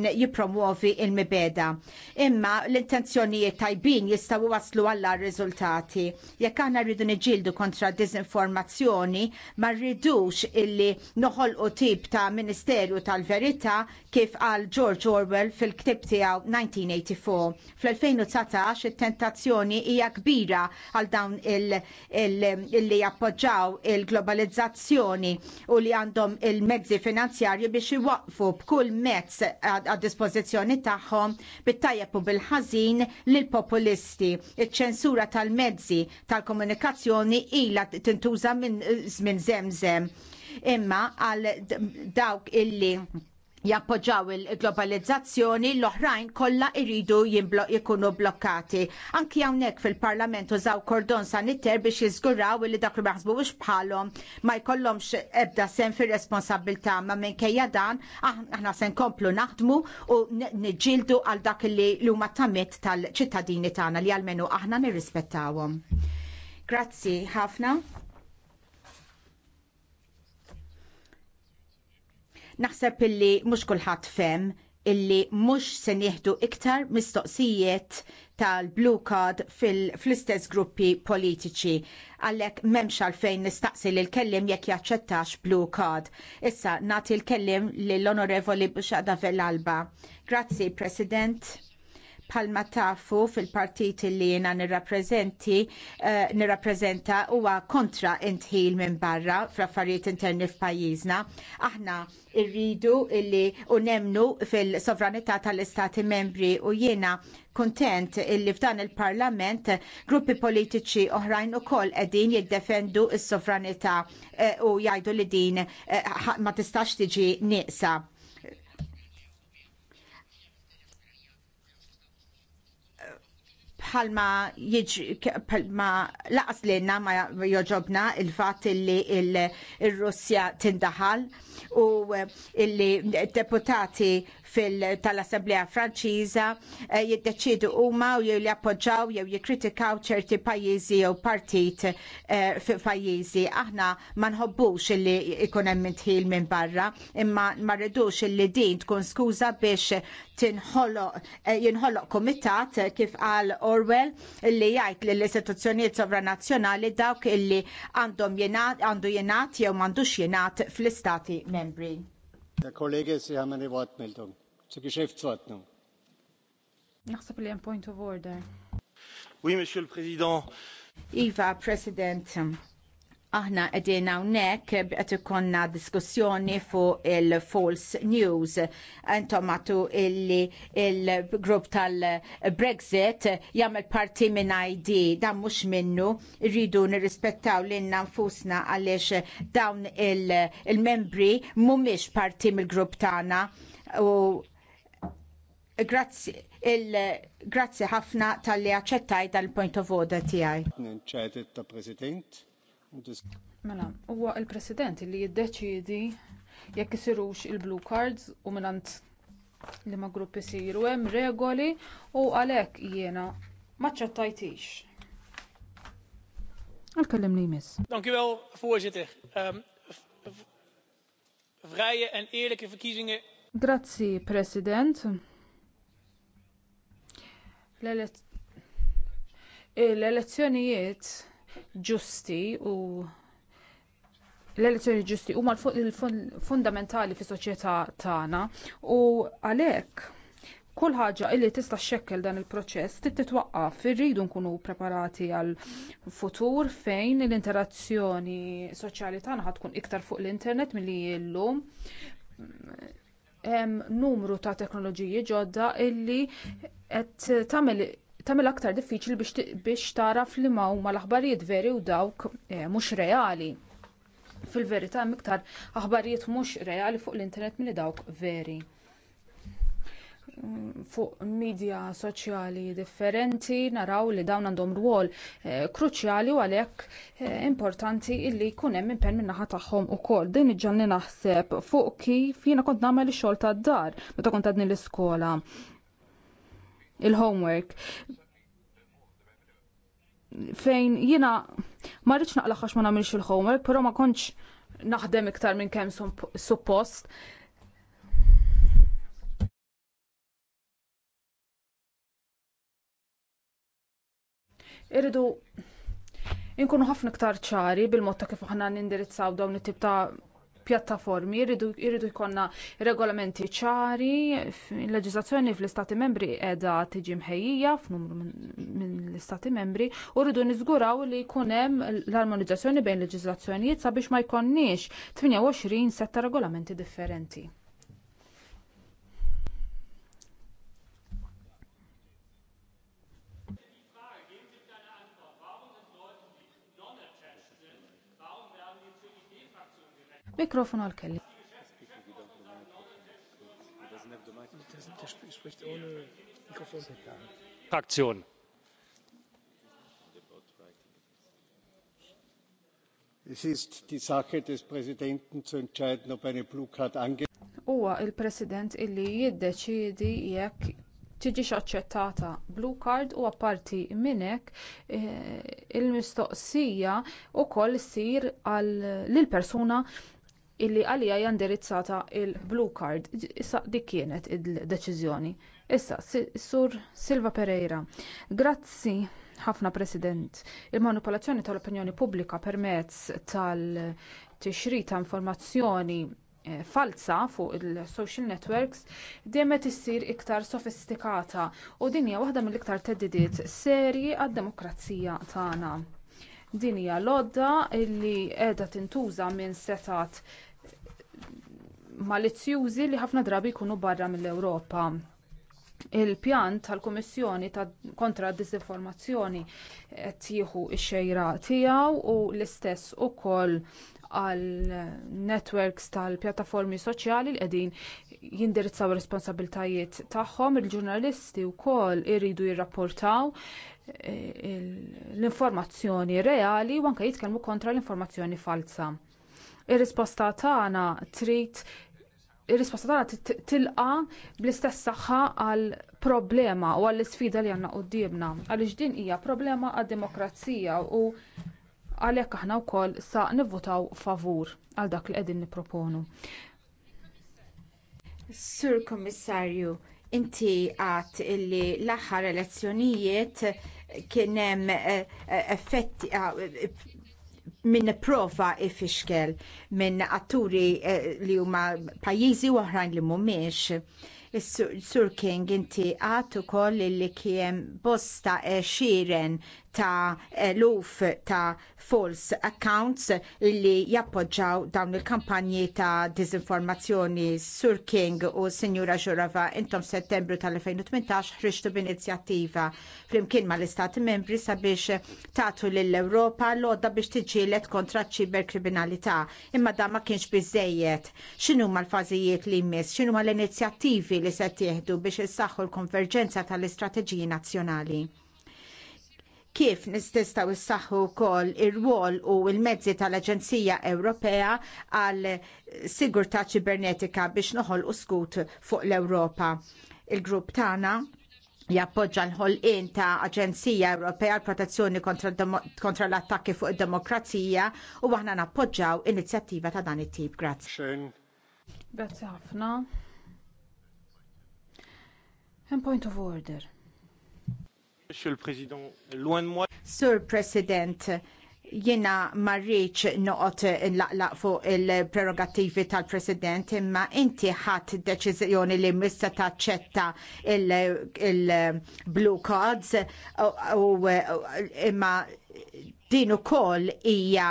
jipromuovi il-mibeda. Imma l-intenzjonijiet tajbin jistawu waslu għalla rizultati. Jekk għana rridu niġildu kontra dizinformazzjoni, ma rridux illi noħolqu tip ta' Ministerju tal-Verità kif għal George Orwell fil-ktib tiegħu 1984. Fl-2019 it-tentazzjoni hija kbira għal dawn illi jappoġġaw il-globalizzazzjoni u li għandhom il-mezzi finanzjarji biex iwaqfu b'kull mezz għad dispozizjoni tagħhom bit-tajjeb u bil ħazin lil populisti. Iċ-ċensura tal-mezzi tal-komunikazzjoni ilha tintuża minn żmien żemżem. Imma għal dawk illi jappoġġaw il-globalizzazzjoni l-oħrajn kollha jridu jikunu blokkati. Anki hawnhekk fil-Parlament użaw kordon sanitter biex jiżguraw li dak li maħsbu bħalhom ma jkollhomx ebda sen fir-responsabilità ma minkejja dan ah, aħna se nkomplu naħdmu u niġġieldu għal dak li huma tamiet tal-ċittadini tagħna li għalmenu aħna nirrispettawhom. Grazzi ħafna. Naħseb illi mhux kulħadd fem illi mhux se nieħdu iktar mistoqsijiet tal-blue card fl-istess gruppi politiċi. Għallek memx għalfejn nistaqsi l kellim jekk jaċċettax blue card. Issa nagħti l-kellim lill onorevoli fil-alba. Grazzi, President. Palma tafu fil-partit li jena nirrapprezenti, uh, nirrapprezenta huwa kontra intħil minn barra fl-affarijiet interni f'pajjiżna. Aħna irridu illi unemnu fil-sovranità tal-istati membri u jiena kontent illi f'dan il-parlament gruppi politiċi oħrajn ukoll qegħdin jiddefendu s-sovranità eh, u jgħidu li din eh, ma tistax tiġi nieqsa bħalma bħalma laqas jenna ma joġobna il-fat illi il-Russja tindaħal u eh, illi deputati tal-Assemblea Franċiża eh, jiddeċidu huma u jew li appoġġaw jew jikkritikaw ċerti pajjiżi jew partit eh, pajjiżi. Aħna ma nħobbux illi ikun hemm intħil minn barra, imma ma rridux illi din tkun skuża biex tinħoloq jinħoloq kumitat kif qal Or Orwell illi jgħid li l-istituzzjonijiet sovranazzjonali dawk illi għandhom jenat, għandu jenat jew m'għandux jenat fl-istati membri. Der Kollege, Sie haben eine Wortmeldung zur Geschäftsordnung. Naħseb li hemm point of order. Oui, Monsieur le Président. Iva, President aħna qegħdin hawnhekk qed ikonna diskussjoni fuq il-false news. Intom għatu illi il-grupp tal-Brexit jagħmel parti minn ID dan mhux minnu rridu nirrispettaw lilna nfusna għaliex dawn il-membri il mhumiex parti mill-grupp tagħna u grazzi il-grazzi ħafna tal-li aċċettaj dal-point of order tiegħi. President. Mela, huwa l president li jiddeċiedi jekk isirux il-blue cards u minant li ma gruppi isiru hemm regoli u għalhekk jiena maċċettajtix. Għal-kellim li jmiss. Dank u wel, voorzitter. Ehm, vrije en eerlijke verkiezingen. Grazzi, president. Eh, l-elezzjonijiet ġusti u l-elezzjoni ġusti huma l-fundamentali fis soċjetà tagħna u għalhekk kull ħaġa li tista' xekkel dan il-proċess trid titwaqqaf irridu nkunu preparati għal futur fejn l-interazzjoni soċjali tagħna ħad tkun iktar fuq l-internet milli llum hemm numru ta' teknoloġiji ġodda illi qed tagħmel tagħmel aktar diffiċli biex taraf li ma huma l-aħbarijiet veri u dawk eh, mhux reali. Fil-verità hemm iktar aħbarijiet mhux reali fuq l-internet milli dawk veri. Mm, fuq media soċjali differenti naraw li dawn għandhom rwol eh, kruċjali u għalhekk eh, importanti illi jkun hemm impenn min-naħa tagħhom ukoll. Din iġġalni naħseb fuq kif jiena kont nagħmel ix-xogħol tad-dar meta kont għadni l-iskola il-homework fejn jina ma rridx naqlaħax ma nagħmilx il-homework, però ma kontx naħdem iktar minn kemm suppost. Irridu inkunu ħafna iktar ċari bil-mod ta' kif aħna nindirizzaw dawn it-tip ta' pjattaformi jridu jkollna regolamenti ċari, il fl-istati membri qiegħda tiġi mħejjija f'numru minn l-istati membri u rridu niżguraw li jkun hemm l-armonizzazzjoni bejn leġiżlazzjonijiet sabiex ma jkollniex 28 setta regolamenti differenti. Mikrofonu għal-kelli. Fraktion. Es ist die Sache des Präsidenten zu entscheiden, ob eine Blue Card ange... Huwa il-President illi jiddeċidi jekk tiġix aċċettata blue card u għaparti minnek eh, il-mistoqsija u wkoll issir l persuna illi għalija hija indirizzata il-blue card. Issa dik kienet id-deċiżjoni. Issa, sur Silva Pereira, grazzi ħafna President. Il-manipolazzjoni tal-opinjoni pubblika permezz tal-tixri ta' informazzjoni eh, falsa fuq il-social networks dejjem issir iktar sofistikata u din hija waħda mill-iktar theddidiet serji għad-demokrazija tagħna. Din hija lodda li qiegħda tintuża minn setat malizzjużi li ħafna drabi jkunu barra mill-Ewropa il-pjan tal-Kummissjoni ta kontra d disinformazzjoni qed jieħu x-xejra tiegħu u l-istess ukoll għal netwerks tal-pjattaformi soċjali li qegħdin jindirizzaw responsabiltajiet tagħhom il-ġurnalisti wkoll iridu jirrapportaw eh, l-informazzjoni reali u anke jitkellmu kontra l-informazzjoni falsa. Ir-risposta tagħna trid ir-risposta tagħna tilqa bl-istess saħħa għal problema u għall isfida li għandna qudiemna għaliex din hija problema għad-demokrazija u għalhekk aħna wkoll sa nivvotaw favur għal dak li qegħdin nipproponu. Sur Kommissarju, inti għat illi l-aħħar elezzjonijiet kien hemm eh, eh, effetti ah, minn prova ifixkel minn atturi eh, li huma pajjiżi oħrajn li mhumiex Sur King inti għat ukoll li kien bosta xiren ta' luf ta' false accounts li jappoġġaw dawn il-kampanji ta' dizinformazzjoni Sur King u Sinjura Ġurava intom settembru tal-2018 ħriġtu b'inizjattiva flimkien mal istati membri sabiex tagħtu lill-Ewropa l odda biex tiġielet kontra ċiberkriminalità imma da ma kienx xinu X'inhuma l-fażijiet li jmiss, x'inhuma l-inizjattivi li se tieħdu biex issaħħu l-konverġenza tal-istrateġiji nazzjonali kif nististaw issaħħu wkoll ir-rwol u l-mezzi tal-Aġenzija Ewropea għal sigurtà ċibernetika biex u skut fuq l-Ewropa. Il-grupp tagħna jappoġġa l-ħolqien ta' Aġenzija Ewropea l protezzjoni kontra l-attakki fuq id-demokrazija u aħna nappoġġaw inizjattiva ta' dan it-tip. Grazzi. Grazzi ħafna. Hemm point of order. Monsieur le Président, loin de moi. Sir President, jina marriċ noqot laqlaq fuq il-prerogativi tal-president imma inti ħat deċizjoni li mista taċċetta il-blue cards u imma dinu kol ija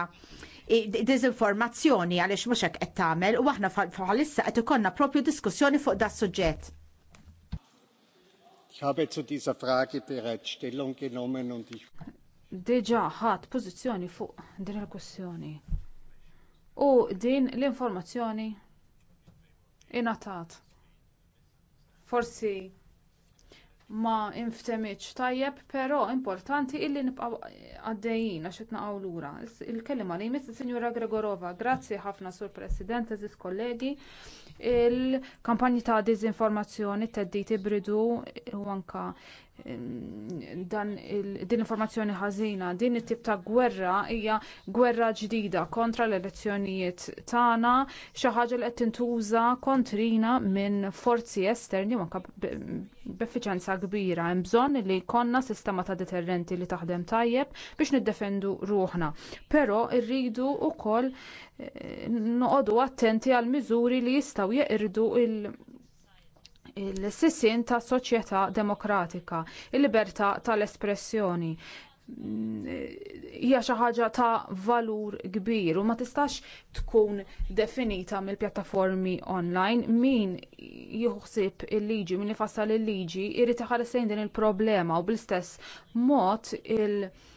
disinformazzjoni għalix muxek hekk qed u għahna bħalissa qed ikollna propju diskussjoni fuq da suġġett habe zu dieser Frage bereits Stellung genommen und ich Diġà ħadd pożizzjoni fuq din il-kwestjoni. U din l-informazzjoni inatat. Forsi ma nftemiċ tajjeb, però importanti illi nibqgħu għaddejjin għax qed naqgħu lura. Il-kelma li jmiss is-Sinjura Gregorova, grazzi ħafna sur President, eżis kollegi, il-kampanji ta' diżinformazzjoni teddit ibridu u anka dan din informazzjoni ħażina, din it-tip ta' gwerra hija gwerra ġdida kontra l-elezzjonijiet tagħna, xi ħaġa li qed tintuża kontrina minn forzi esterni u b'effiċenza kbira. Hemm bżonn li jkollna sistema ta' deterrenti li taħdem tajjeb biex niddefendu ruħna. Però rridu wkoll eh, noqogħdu attenti għal miżuri li jistgħu jeqirdu il- il-sisin ta' soċjetà demokratika, il-libertà tal-espressjoni hija xi ħaġa ta' valur kbir u ma tistax tkun definita mill-pjattaformi online min jieħsib il-liġi min ifassal il-liġi jrid iħares din il-problema u bl-istess mod il-, -liġi,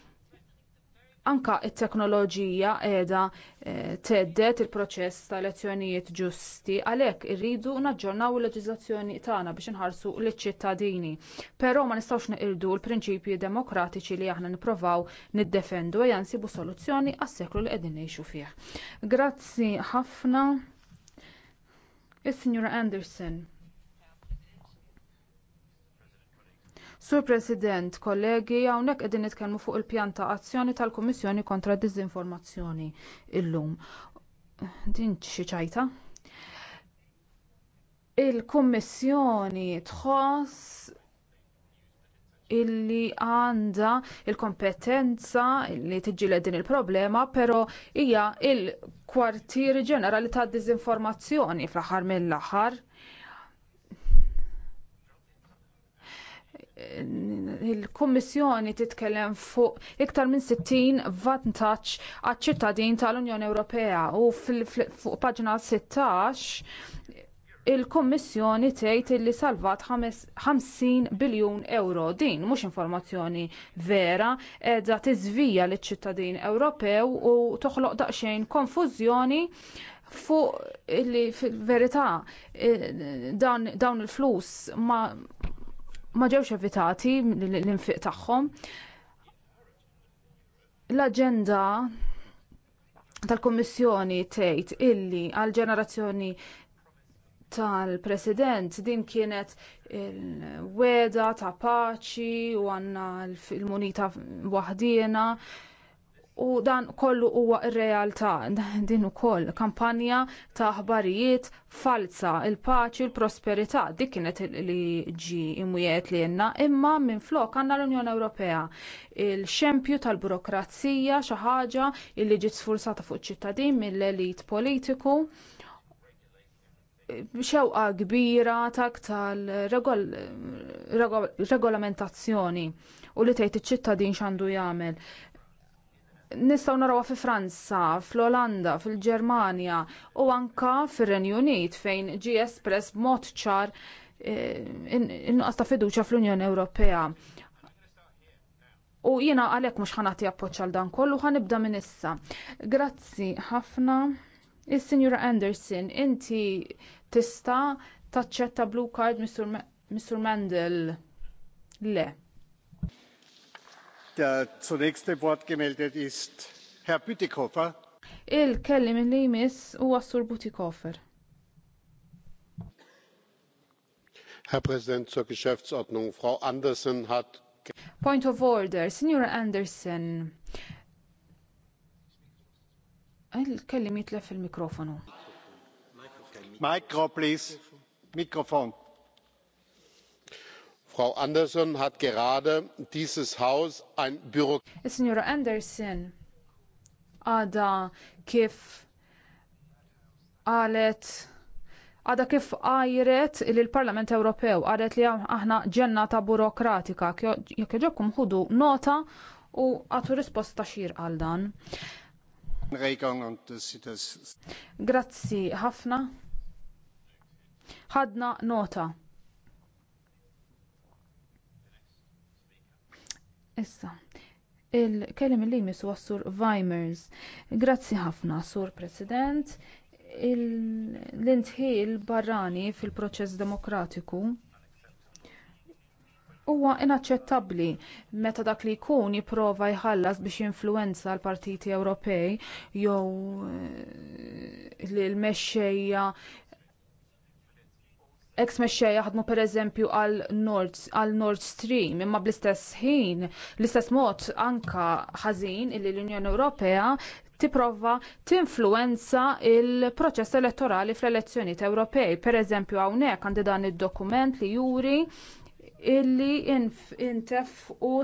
anka t teknoloġija qiegħda eh, tgħeddet il-proċess ta' elezzjonijiet ġusti għalhekk irridu naġġornaw il-leġiżlazzjoni tagħna biex inħarsu liċ-ċittadini. Però ma nistgħux neqirdu l-prinċipji demokratiċi li aħna nippruvaw niddefendu ejja nsibu soluzzjoni għas-seklu li qegħdin ngħixu fih. Grazzi ħafna. Is-Sinjura Anderson. Sur President, kollegi, hawnhekk qegħdin nitkellmu fuq il-pjan ta' azzjoni tal-Kummissjoni kontra d diżinformazzjoni illum. Din xi ċajta? Il-Kummissjoni tħoss illi għandha l kompetenza li tiġġieled din il-problema, però hija l kwartier ġenerali tad diżinformazzjoni fl-aħħar mill-aħħar il-Kummissjoni titkellem fuq iktar minn 60 vantaġġ għaċ-ċittadin tal-Unjoni Ewropea u fuq paġna 16 il-Kummissjoni tgħid li salvat 50 biljun euro. Din mhux informazzjoni vera, qiegħda tiżvija liċ-ċittadin Ewropew u toħloq daqsxejn konfużjoni fuq li fil-verità eh, dawn il-flus ma ma ġewx evitati l-infiq tagħhom. L-aġenda tal-Kummissjoni tgħid illi għal ġenerazzjoni tal-President din kienet il-weda ta' paċi u għandna l-munita waħdiena u dan kollu huwa r-realtà din ukoll kampanja ta' aħbarijiet falsa il-paċi u l-prosperità dik kienet li ġi imwiet li jenna imma minn flok għandna l-Unjoni Ewropea il-xempju tal-burokrazija xi ħaġa li ġiet sfurzata fuq ċittadin mill-elit politiku xewqa kbira tak tal-regolamentazzjoni u li tgħid iċ-ċittadin x'għandu jagħmel Nistgħu narawha fi Franza, fl-Olanda, fil-Ġermanja u anka fir-Renju Unit fejn ġie espress b'mod ċar eh, innuqqas ta' fiduċja fl-Unjoni Ewropea. U jiena għalhekk mhux ħanati appoġġ għal dan kollu ħanibda minn issa. Grazzi ħafna. Is-Sinjura Anderson, inti tista' taċċetta blue card Mr. Mendel? Le. Il-kellim li jmiss huwa Sur Butikofer. Herr Präsident, zur Geschäftsordnung. Frau Andersen hat. Point of order, Signora Andersen. Il-kellim jitlef il-mikrofonu. Mikro, please. Mikrofon frau anderson hat gerade dieses haus ein büro. is-sinjura eh, anderson għadha kif qalet għadha kif għajret li l-Parlament Ewropew qalet li aħna ġennata burokratika jekk iġobkom ħudu nota u għatu risposta xir għal dan. Grazzi ħafna. Ħadna nota. Issa, il-kelim li jmiss huwa Sur Weimers. Grazzi ħafna, Sur President. L-intħil barrani fil-proċess demokratiku huwa inaċċettabbli meta dak li jkun jipprova jħallas biex jinfluwenza l-partiti Ewropej jew l-mexxejja ex mexxej jaħdmu pereżempju għal Nord għal Nord Stream imma bl-istess ħin l-istess mod anka ħażin illi l-Unjoni Ewropea tipprova tinfluwenza l proċess elettorali fl-elezzjonijiet Ewropej. Pereżempju hawnhekk għandi dan id-dokument li juri illi intef u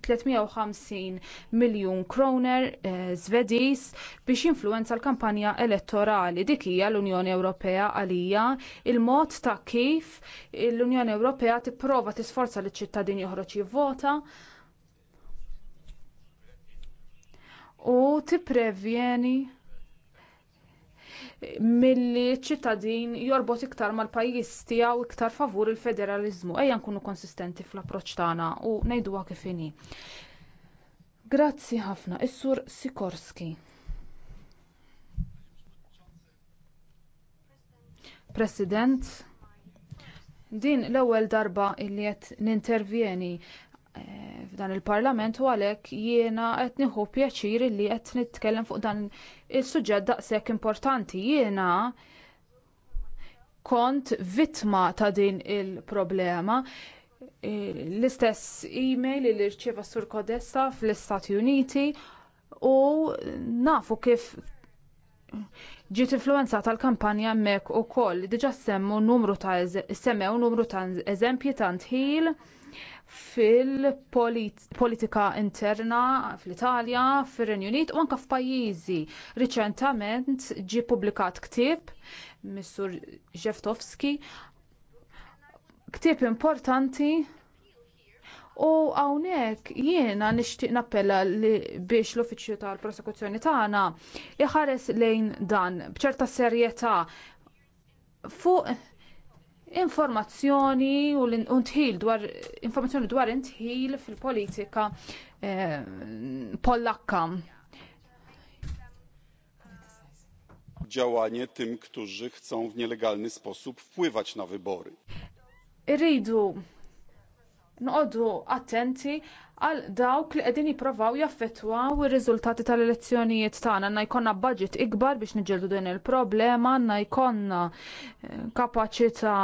350 miljun kroner zvedis eh, biex influenza l-kampanja elettorali. Dik hija l-Unjoni Ewropea għalija il-mod ta' kif l-Unjoni Ewropea tipprova tisforza liċ ċittadin joħroġ jivvota u tipprevjeni milli ċittadin jorbot iktar mal-pajjiż tiegħu iktar favur il-federaliżmu. Ejja nkunu konsistenti fl-approċċ tagħna u ngħiduha kif inhi. Grazzi ħafna, is-Sur Sikorski. President, din l-ewwel darba li qed nintervjeni Eh, f'dan il-parlament u għalhekk jiena qed nieħu pjaċir li qed nitkellem fuq dan il suġġett daqshekk importanti jiena kont vittma ta' din il-problema eh, l-istess email li rċieva Sur Kodessa fl-Istati Uniti u nafu kif ġiet influenza tal-kampanja hemmhekk ukoll diġa' semmu numru ta' semmew numru ta' eżempji ta' nħil fil-politika interna fl-Italja, fir-Renju Unit u anke f'pajjiżi. Riċentament ġie ppubblikat ktieb Mr. Jeftowski, ktieb importanti U hawnhekk jiena nixtieq nappella li biex l-uffiċċju tal-prosekuzzjoni tagħna iħares lejn dan b'ċerta serjetà fuq informazzjoni u l-intħil dwar informazzjoni dwar intħil fil-politika eh, Polakka. Działanie tym, którzy chcą w nielegalny sposób wpływać na wybory. Irridu noqodu attenti għal dawk li qegħdin jippruvaw jaffettwaw ir-riżultati tal-elezzjonijiet tagħna għandna jkollna budget ikbar biex niġġieldu din il-problema, għandna jkollna eh, kapaċità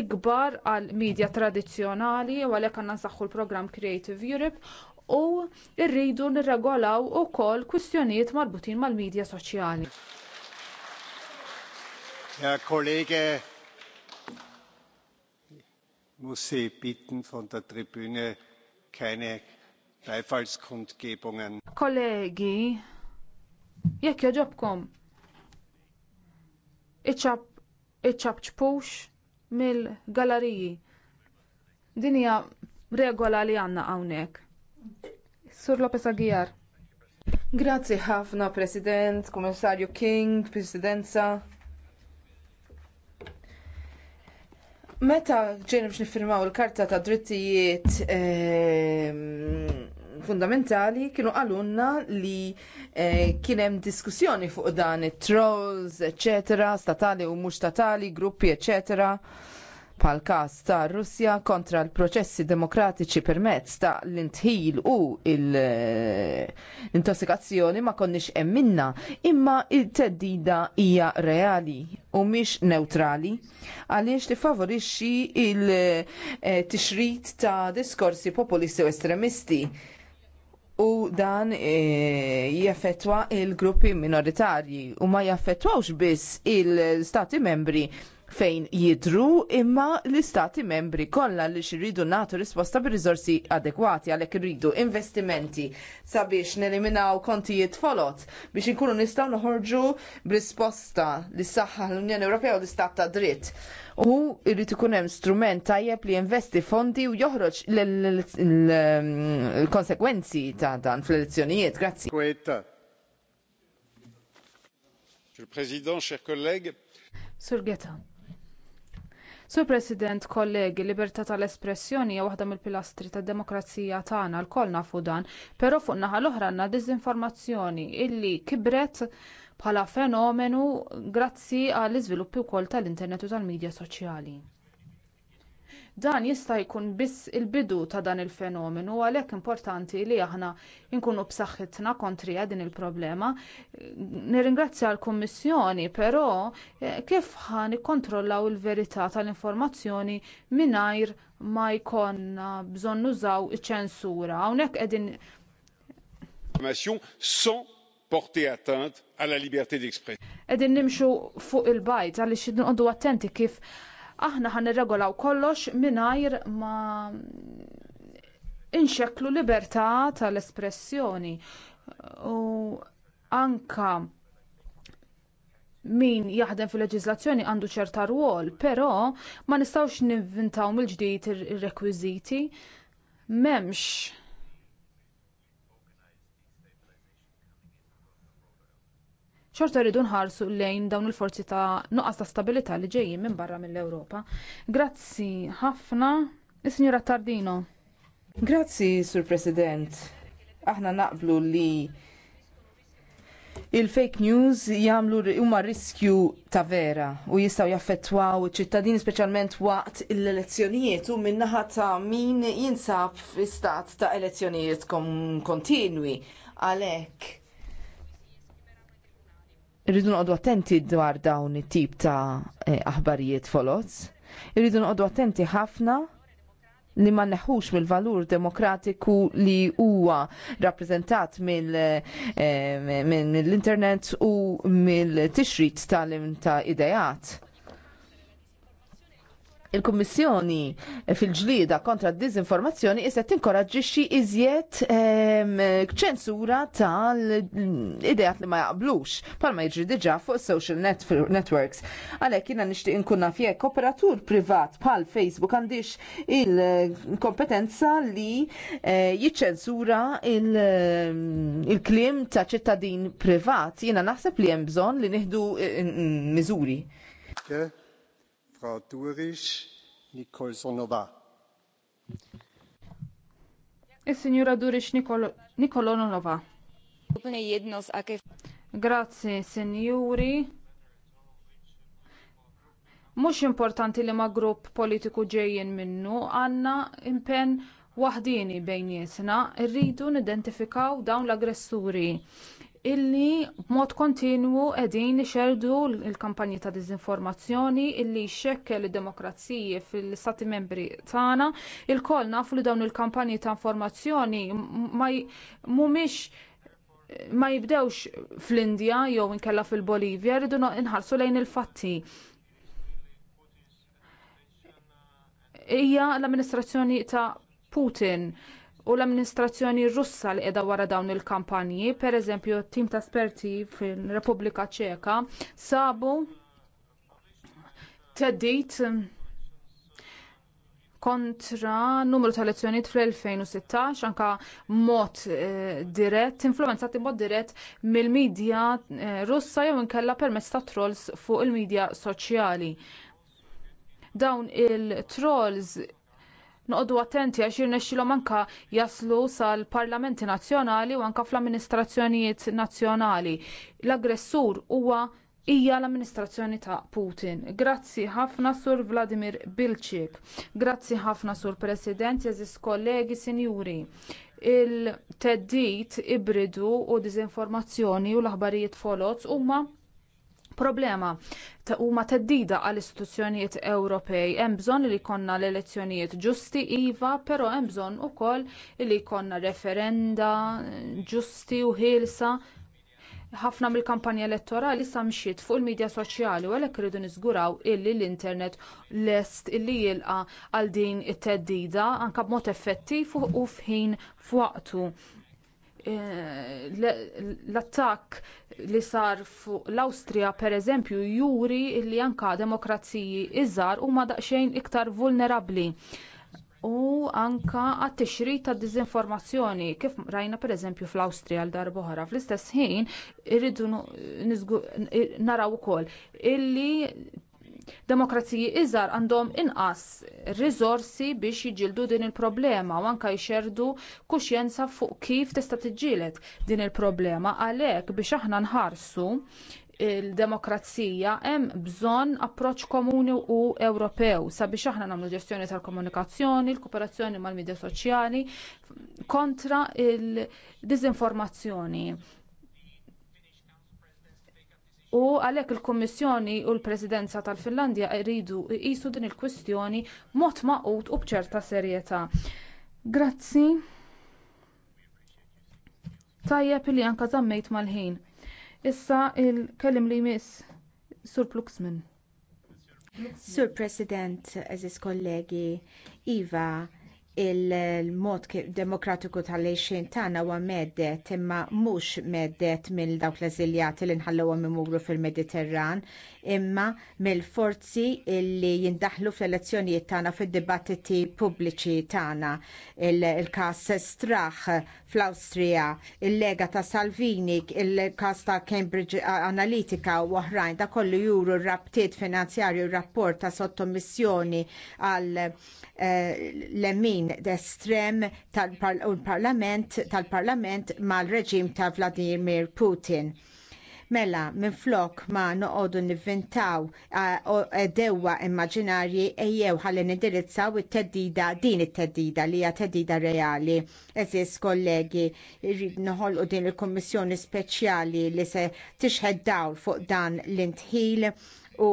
ikbar għal media tradizzjonali u għalhekk għandna nsaħħu l-programm Creative Europe u rridu nirregolaw ukoll kwistjonijiet marbutin mal-medja soċjali. Ja, kollege muss sie bitten von der tribüne keine beifallskundgebungen. kollegi jekk jaġobkom, iċab ċpux mill-galeriji Dinja regola li għanna għawnek. Sur Lopez Aguiar. Grazie ħafna President, Komissarju King, Presidenza. Meta ġejna biex niffirmaw il-Karta ta' Drittijiet ehm, fundamentali kienu għalunna li eh, kien kienem diskussjoni fuq dan it-trolls, eccetera, statali u mux statali, gruppi, eccetera pal każ tar Russja kontra l-proċessi demokratiċi permezz ta' l-intħil u l-intossikazzjoni ma konniex emminna imma il-teddida hija reali u mhix neutrali għaliex tifavorixxi il-tixrid ta' diskorsi populisti u estremisti u dan e, jaffettwa il-gruppi minoritarji u ma jaffettwawx biss il-stati membri fejn jidru imma l-istati membri kollha li xirridu nagħtu risposta bir-riżorsi adekwati għalhekk iridu investimenti sabiex neliminaw kontijiet folot biex inkunu nistgħu noħorġu b'risposta li saħħa l-Unjoni Ewropea u l-Istat ta' dritt. U irrid ikun hemm strument tajjeb li investi fondi u joħroġ l-konsekwenzi ta' dan fl-elezzjonijiet. Grazzi. Monsieur le Président, chers collègues, Sur Geta. Sur President, kollegi, libertà tal-espressjoni hija waħda mill-pilastri tad-demokrazija tagħna lkoll nafu dan, però fuq naħa l-oħra għandna diżinformazzjoni illi kibret bħala fenomenu grazzi għall-iżviluppi wkoll tal-internet u tal-midja soċjali. Dan jista' jkun biss il-bidu ta' dan il-fenomenu għalhekk importanti li aħna nkunu b'saħħitna kontri din il-problema. Nirringrazzja l-Kummissjoni, però eh, kif ħan ikkontrollaw il-verità tal-informazzjoni mingħajr ma jkollna bżonn nużaw iċ-ċensura. Hawnhekk qegħdin porter atteinte à la liberté d'expression. Qegħdin nimxu fuq il-bajt għaliex inqogħdu attenti kif aħna ħan irregolaw kollox mingħajr ma inxeklu libertà tal-espressjoni u anka min jaħdem fil leġizlazzjoni għandu ċerta rwol, però ma nistgħux nivvintaw mill-ġdid ir-rekwiżiti m'hemmx xorta rridu nħarsu lejn dawn il-forzi ta' nuqqas ta' stabilità li ġejjin minn barra mill-Ewropa. Grazzi ħafna, is-Sinjura Tardino. Grazzi, Sur President. Aħna naqblu li il-fake news jagħmlu huma riskju ta' vera u jistgħu jaffettwaw iċ-ċittadini speċjalment waqt l-elezzjonijiet u min-naħa ta' min jinsab fi stat ta' elezzjonijiet kontinwi għalhekk Irridu noqogħdu attenti dwar dawn it-tip ta' eh, aħbarijiet folots. Irridu noqogħdu attenti ħafna li ma neħux mill-valur demokratiku li huwa rappresentat eh, mill-internet u mill-tixrit tal-im ta' idejat il-Kummissjoni fil-ġlida kontra d-dizinformazzjoni issa tinkoraġġixxi iżjed ehm, ċensura tal-ideat li ma jaqblux palma jiġri diġà fuq social net networks. Għalhekk jiena nixtieq inkun naf jekk operatur privat bħal Facebook għandix il-kompetenza li eh, jiċċensura il-klim ta' ċittadin privat. Jiena naħseb li hemm bżonn li nieħdu eh, miżuri frau Durisch, Nikolsonova. Is-Sinjura Durish Nikolonova. Grazzi, Sinjuri. Mhux importanti li ma grupp politiku ġejjin minnu, għandna impenn waħdini bejn jesna, rridu nidentifikaw dawn l-aggressuri illi b'mod kontinwu qegħdin ixerdu l-kampanji ta' diżinformazzjoni illi jxekkel id-demokrazija fl-istati membri tagħna. Il-koll nafu li dawn il-kampanji ta' informazzjoni ma mhumiex ma jibdewx fl-Indja jew inkella fil-Bolivja, rridu inħarsu lejn il-fatti. Hija l-amministrazzjoni ta' Putin u l-amministrazzjoni russa li qiegħda wara dawn il-kampanji, pereżempju tim ta' esperti fir-Repubblika Ċeka sabu theddid kontra numru ta' elezzjonijiet fl-2016 anke mod eh, dirett, influenzati mod dirett mill-medja eh, russa jew inkella permezz ta' trolls fuq il-medja soċjali. Dawn il-trolls noqogħdu attenti għax jirnexxilhom anka jaslu sal-parlamenti nazzjonali u anke fl-amministrazzjonijiet nazzjonali. L-aggressur huwa hija l-amministrazzjoni ta' Putin. Grazzi ħafna sur Vladimir Bilċik. Grazzi ħafna sur President, jeżis kollegi, sinjuri. Il-teddit ibridu u dizinformazzjoni u l-aħbarijiet folots huma problema ta' huma teddida għall istituzzjonijiet Ewropej. Hemm bżonn li jkollna l-elezzjonijiet ġusti iva, però hemm bżonn ukoll li jkollna referenda ġusti u ħielsa. Ħafna mill-kampanja elettorali sa mxiet fuq il-medja soċjali u għalhekk irridu niżguraw illi l-internet lest illi jilqa' għal din it-teddida anke b'mod effettiv u f'ħin f'waqtu Eh, l-attakk li sar fuq l-Awstrija pereżempju juri li anke demokraziji iżgħar huma daqsxejn iktar vulnerabbli u anke għat-tixrid tad diżinformazzjoni kif rajna pereżempju fl-Awstrija għal oħra. Fl-istess ħin irridu naraw ukoll illi demokraziji iżgħar għandhom inqas rizorsi biex jiġildu din il-problema u anke jxerdu kuxjenza fuq kif tista' tiġġieled din il-problema għalhekk biex aħna nħarsu il-demokrazija hemm bżonn approċċ komuni u Ewropew sabiex aħna nagħmlu ġestjoni tal-komunikazzjoni, l-kooperazzjoni mal-midja soċjali kontra il-diżinformazzjoni u għalhekk il-Kummissjoni u l-Presidenza tal-Finlandja jridu jqisu din il-kwistjoni mod maqut u b'ċerta serjetà. Grazzi. Tajjeb li anke żammejt mal-ħin. Issa il-kelim li jmiss Sur Pluxman. Sur President, eżis kollegi, Iva, il-mod demokratiku tal-lejxin tagħna huwa meddet imma mhux meddet minn dawk l-eżiljati li nħallewhom imuru fil-Mediterran imma mill-forzi illi jindaħlu fl-elezzjonijiet tagħna fid-dibattiti pubbliċi tagħna. Il-każ straħ fl-Awstrija, il-Lega ta' Salvini, il-każ ta' Cambridge Analytica u oħrajn da kollu juru rabtiet finanzjarju rapport ta' sottomissjoni għal eh, l-emin estrem tal-parlament tal-parlament mal-reġim ta' Vladimir Putin. Mela, minflok ma noqogħdu nivvintaw dewwa immaġinarji ejjew ħalli nindirizzaw it-teddida din it-teddida li hija teddida reali. Eżis kollegi, irrid noħolqu din il-Kummissjoni Speċjali li se tixħed dawl fuq dan l-intħil u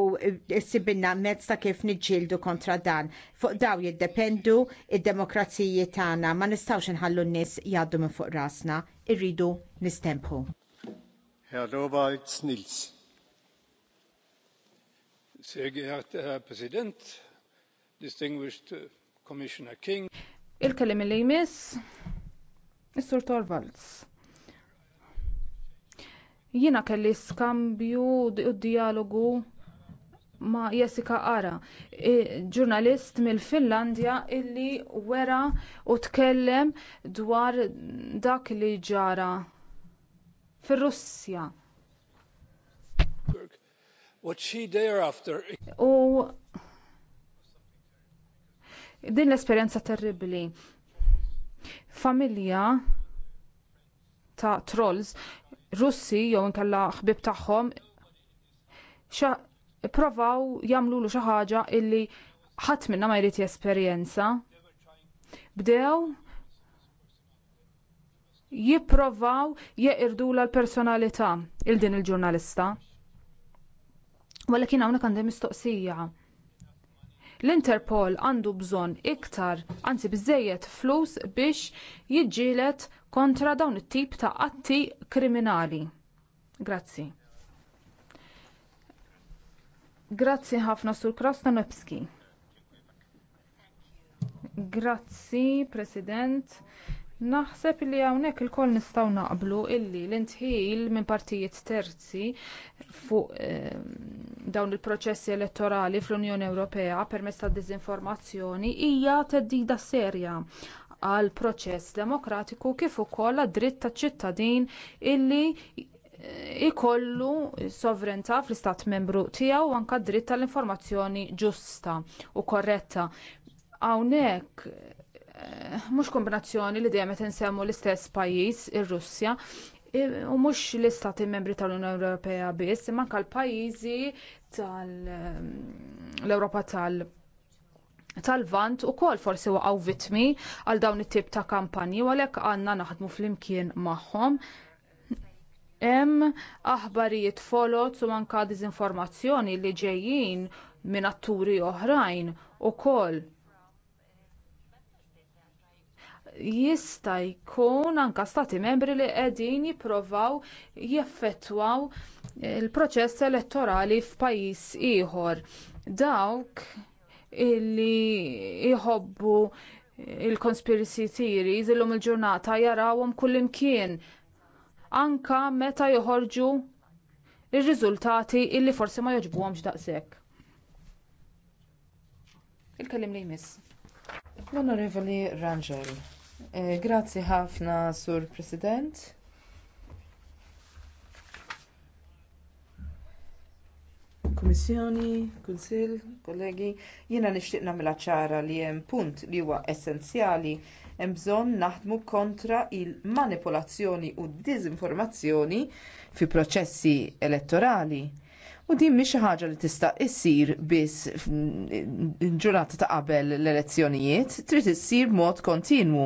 sibinna mezz ta' kif niġġieldu kontra dan. Fuq daw jiddependu id-demokrazijiet tagħna ma nistgħux nħallu n-nies jgħaddu minn fuq rasna, irridu nistempu. Herr Torvalds Nils. Sehr geehrter Herr Präsident, distinguished Commissioner King. Il-kelim li jmiss, Is-Sur Torvalds. Jiena kelli skambju u dialogu ma' Jessica Ara, ġurnalist mill-Finlandja illi wera u tkellem dwar dak li ġara fir-Russja. U din l-esperjenza terribbli. Familja ta' trolls Russi jew inkella ħbib tagħhom provaw jagħmlu xi ħaġa illi ħadd minnha ma jrid jesperjenza. Bdew jipprovaw jeqirdu l-personalità il din il-ġurnalista. Walakin hawnhekk għandi mistoqsija. L-Interpol għandu bżonn iktar, anzi bżejjed flus biex jiġġielet kontra dawn it-tip ta' atti kriminali. Grazzi. Grazzi ħafna sur Krasnodebski. Grazzi, President. Naħseb li hawnhekk ilkoll nistgħu naqblu illi l-intħil minn partijiet terzi fuq ehm, dawn il-proċessi elettorali fl-Unjoni Ewropea permezz tad diżinformazzjoni hija theddida serja għal proċess demokratiku kif ukoll għad-dritt taċ-ċittadin illi eh, ikollu s-sovrenta fl-istat membru tiegħu anke d dritt tal-informazzjoni ġusta u korretta hawnhekk mhux kombinazzjoni li dejjem qed insemmu l-istess pajjiż ir-Russja u mhux l-istati membri tal-Unjoni Ewropea biss, imma anke l-pajjiżi tal-Ewropa tal tal-vant ukoll forsi waqgħu vittmi għal dawn it-tip ta' kampanji u għalhekk għandna naħdmu flimkien magħhom hemm aħbarijiet folot u manka diżinformazzjoni li ġejjin minn atturi oħrajn ukoll jista' jkun anke stati membri li qegħdin jippruvaw jeffettwaw il-proċess elettorali f'pajjiż ieħor. Dawk illi jħobbu l conspiracy theories illum il-ġurnata jarawhom kullimkien anke meta joħorġu r-riżultati li illi forsi ma jogħġbuhomx daqshekk. Il-kellim li jmiss. L-Onorevoli Rangel. Eh, grazzi ħafna, Sur President. Komissjoni, Kunsill, kollegi, jiena nixtieq nagħmilha ċara li hemm punt li huwa essenzjali hemm bżonn naħdmu kontra l manipolazzjoni u d-diżinformazzjoni fi proċessi elettorali. U din mhix xi ħaġa li tista' issir biss ġurnata ta' qabel l-elezzjonijiet, trid issir mod kontinwu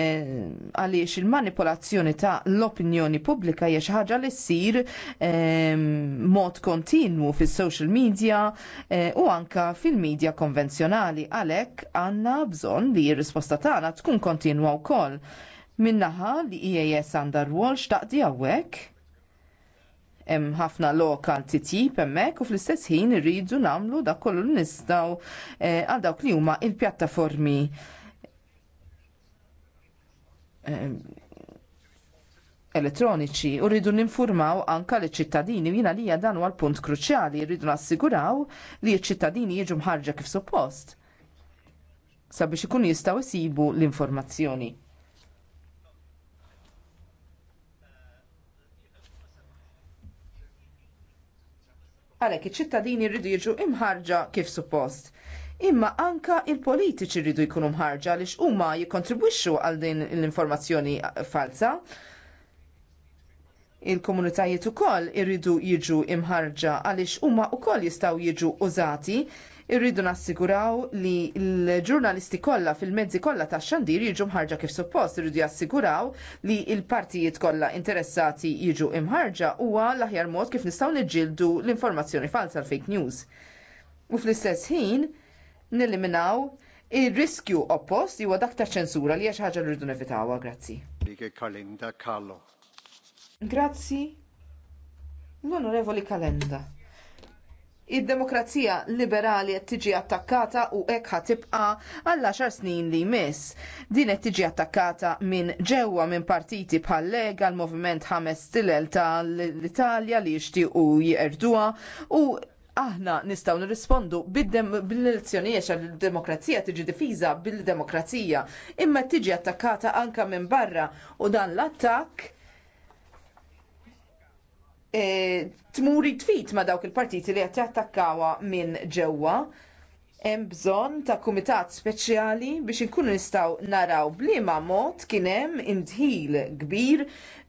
eh, għaliex il-manipolazzjoni ta' l-opinjoni pubblika hija xi ħaġa li ssir ehm, mod kontinwu fis-social media eh, u anka fil-medja konvenzjonali għalhekk għandna bżonn li r-risposta tagħna tkun kontinwa wkoll. Minnaħa li IAS e għandha rwol x'taqdi hawnhekk hemm ħafna lokal titjib hemmhekk u fl-istess ħin irridu nagħmlu dak kollu li nistgħu eh, għal dawk li huma l pjattaformi ehm, elettroniċi u rridu ninformaw anka li ċittadini jina li dan huwa l-punt kruċjali rridu nassiguraw li ċittadini jiġu mħarġa kif suppost sabiex ikun jistgħu jsibu l-informazzjoni. Għalhekk iċ-ċittadini rridu jiġu imħarġa kif suppost. Imma anka il-politiċi rridu jkunu mħarġa li huma jikkontribwixxu għal din l-informazzjoni falsa. Il-komunitajiet ukoll irridu jiġu imħarġa għaliex huma wkoll jistgħu jiġu użati Irridu nassiguraw li l-ġurnalisti kollha fil-mezzi kollha tax-xandir jiġu mħarġa kif suppost, irridu jassiguraw li l-partijiet kollha interessati jiġu imħarġa huwa l-aħjar mod kif nistgħu niġġieldu l-informazzjoni falsa l-fake news. U fl-istess ħin nilliminaw ir-riskju oppost huwa dak ta' ċensura li hija xi ħaġa li rridu nevitawha, grazzi. Grazzi l-Onorevoli Kalenda id-demokrazija liberali qed tiġi attakkata u hekk ħatibqa għal 10 snin li jmiss. Din qed tiġi attakkata minn ġewwa minn partiti bħal Lega l-Moviment Ħames Stilel tal-Italja li jixtiequ jerduha u aħna nistaw nirrispondu bil-elezzjonijiet għal demokrazija tiġi difiża bil-demokrazija imma tiġi attakkata anka minn barra u dan l-attakk Eh, tmuri tfit ma dawk il-partiti li qed jattakkawa minn ġewwa hemm bżonn ta' kumitat speċjali biex inkunu nistgħu naraw bliema mod kien hemm intħil kbir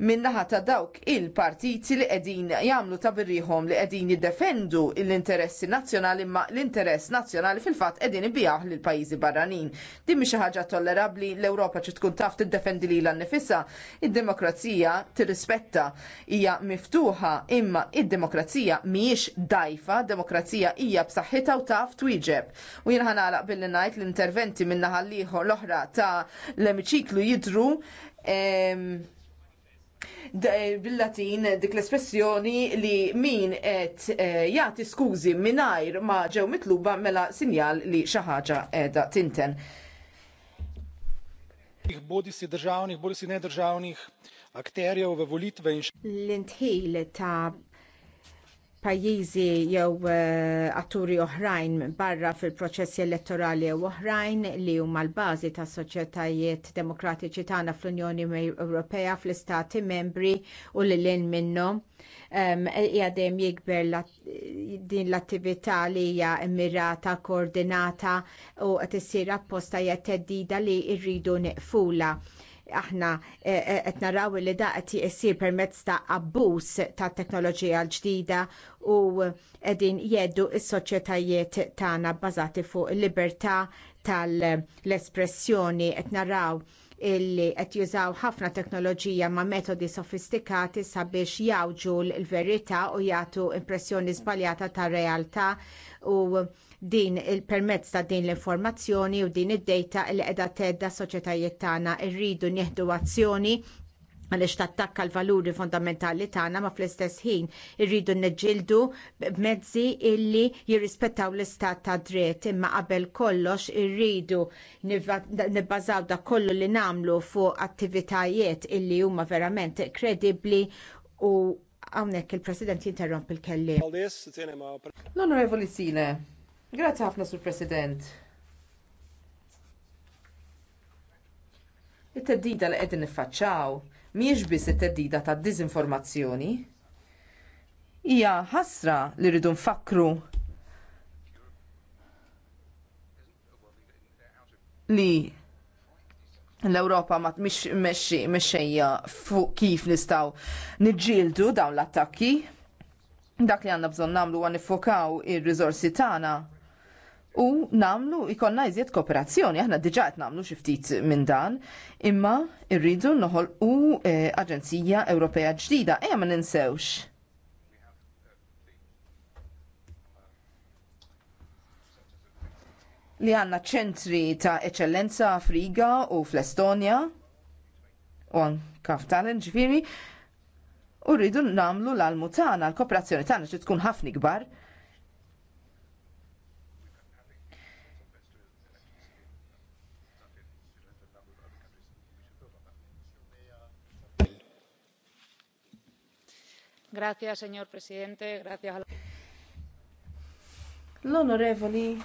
min-naħa ta' dawk il-partiti li qegħdin jagħmlu ta' birrieħhom li qegħdin jiddefendu l-interessi nazzjonali imma l-interess nazzjonali fil-fatt qegħdin ibijaħ lil pajjiżi barranin. Din mhi xi ħaġa tollerabbli l-Ewropa ċi tkun taf tiddefendi lilha nnifisha. Id-demokrazija tirrispetta hija miftuħa imma id-demokrazija mhijiex dajfa, demokrazija hija b'saħħitha u taf twieġeb U jien ħanaqlaq billi ngħid l-interventi minna ħalliħu l oħra ta' l-emiċiklu jidru eh, bil-latin dik l-espressjoni li min qed eh, jagħti skużi mingħajr ma ġew mitluba mela sinjal li xi ħaġa qiegħda tinten. Bodisi državnih, bodisi nedržavnih akterjev L-intħil ta' pajjiżi jew eh, atturi oħrajn barra fil-proċessi elettorali u oħrajn li huma l-bażi tas soċjetajiet demokratiċi tagħna fl-Unjoni Ewropea fl-istati membri u lil lin minnhom jadem jikber din l-attività li hija immirata, koordinata u qed issir apposta hija teddida li rridu neqfula aħna eh, eh, qed naraw li da qed permezz ta' abbuż ta' teknoloġija l-ġdida u qegħdin jeddu s-soċjetajiet tagħna bbażati fuq il-libertà tal-espressjoni qed naraw illi qed jużaw ħafna teknoloġija ma' metodi sofistikati sabiex jawġu l-verità u jagħtu impressjoni żbaljata tar realtà u din il-permezz ta' din l-informazzjoni u din id-data li qiegħda tedda soċjetajiet tagħna rridu nieħdu azzjoni għaliex tattakka l-valuri fondamentali tagħna ma fl-istess ħin irridu neġġieldu b'mezzi illi jirrispettaw l-istat ta' dritt imma qabel kollox irridu nibbażaw da kollu li nagħmlu fuq attivitajiet illi huma verament kredibbli u hawnhekk il-President jinterromp il kelliem L-Onorevoli Sile, Grazie ħafna sur President. It-teddida li qegħdin niffaċċaw mhijiex biss it-teddida ta' diżinformazzjoni. Hija ħasra li rridu nfakru li l-Europa ma mhix mexxejja fuq kif nistgħu niġġieldu dawn l-attakki. Dak li għandna bżonn nagħmlu huwa nifokaw ir-riżorsi tagħna u namlu ikonna iżjed kooperazzjoni, aħna diġa qed namlu xi ftit minn dan, imma rridu noħol u eh, Aġenzija Ewropea ġdida, ejja ma ninsewx. li għanna ċentri ta' eccellenza Friga u fl-Estonja u għan f'talent ġifiri u rridu namlu l almutana l-kooperazzjoni tagħna xi tkun ħafna kbar. signor Presidente, grazie. L-Onorevoli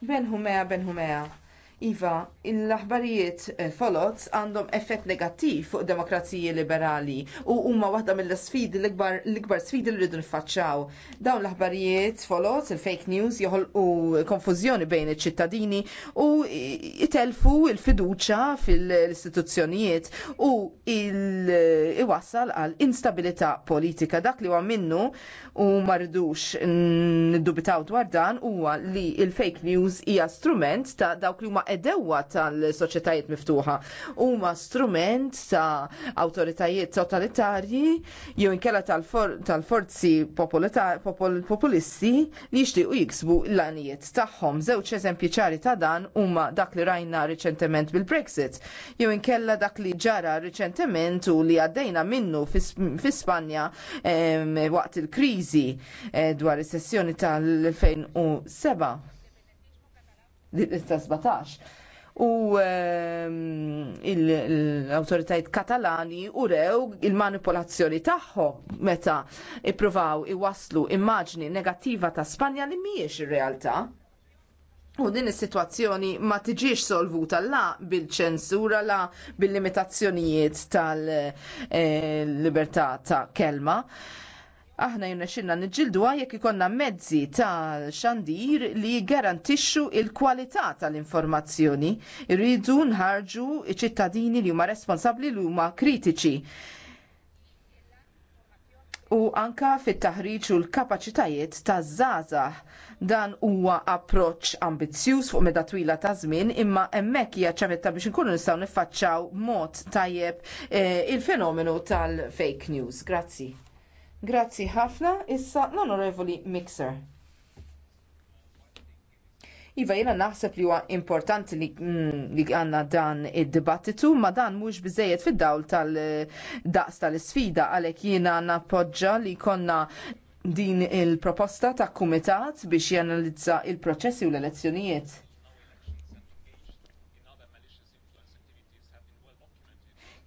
Benhumea Benhumea. Iva, l-aħbarijiet folots għandhom effett negattiv fuq demokrazija liberali u huma waħda mill-sfidi l-ikbar sfidi li rridu nfaċċaw. Dawn l-aħbarijiet folots, il-fake news, joħolqu konfużjoni bejn iċ-ċittadini u itelfu il-fiduċa fil-istituzzjonijiet u iwassal għal instabilità politika. Dak li huwa minnu u marridux ndubitaw dwar dan huwa li il-fake news hija strument ta' dawk li huma edewa tal-soċjetajiet miftuħa. Huma strument ta' awtoritajiet totalitarji jew inkella tal-forzi populisti li jixtiequ jiksbu l-għanijiet tagħhom. Żewġ eżempji ċari ta' dan huma dak li rajna riċentement bil-Brexit jew inkella dak li ġara riċentement u li għaddejna minnu fi Spanja waqt il-kriżi eh, dwar is-sessjoni tal-2007 u ehm, l-autoritajt katalani urew il-manipolazzjoni tagħhom meta ippruvaw iwaslu immaġni negattiva ta' Spanja li mhijiex ir-realtà. U din is-sitwazzjoni ma tiġix solvuta la bil-ċensura la bil-limitazzjonijiet tal-libertà eh, ta' kelma aħna xinna nġildu jekk ikonna mezzi ta' xandir li garantixxu il-kwalità tal-informazzjoni. Irridu nħarġu ċittadini li huma responsabbli li huma kritiċi. U anka fit-taħriġ u l-kapaċitajiet taż-żgħażagħ dan huwa approċċ ambizzjuż fuq meta twila ta' żmien, imma hemmhekk hija ċavetta biex inkunu nistgħu nifaċċaw mod tajjeb eh, il-fenomenu tal-fake news. Grazzi. Grazzi ħafna, issa l-Onorevoli Mixer. Iva, jena naħseb li huwa importanti li, mm, għanna dan id-dibattitu, ma dan mhux biżejjed fid-dawl tal-daqs tal-sfida għalhekk jiena nappoġġa li konna din il-proposta ta' kumitat biex janalizza il-proċessi u l-elezzjonijiet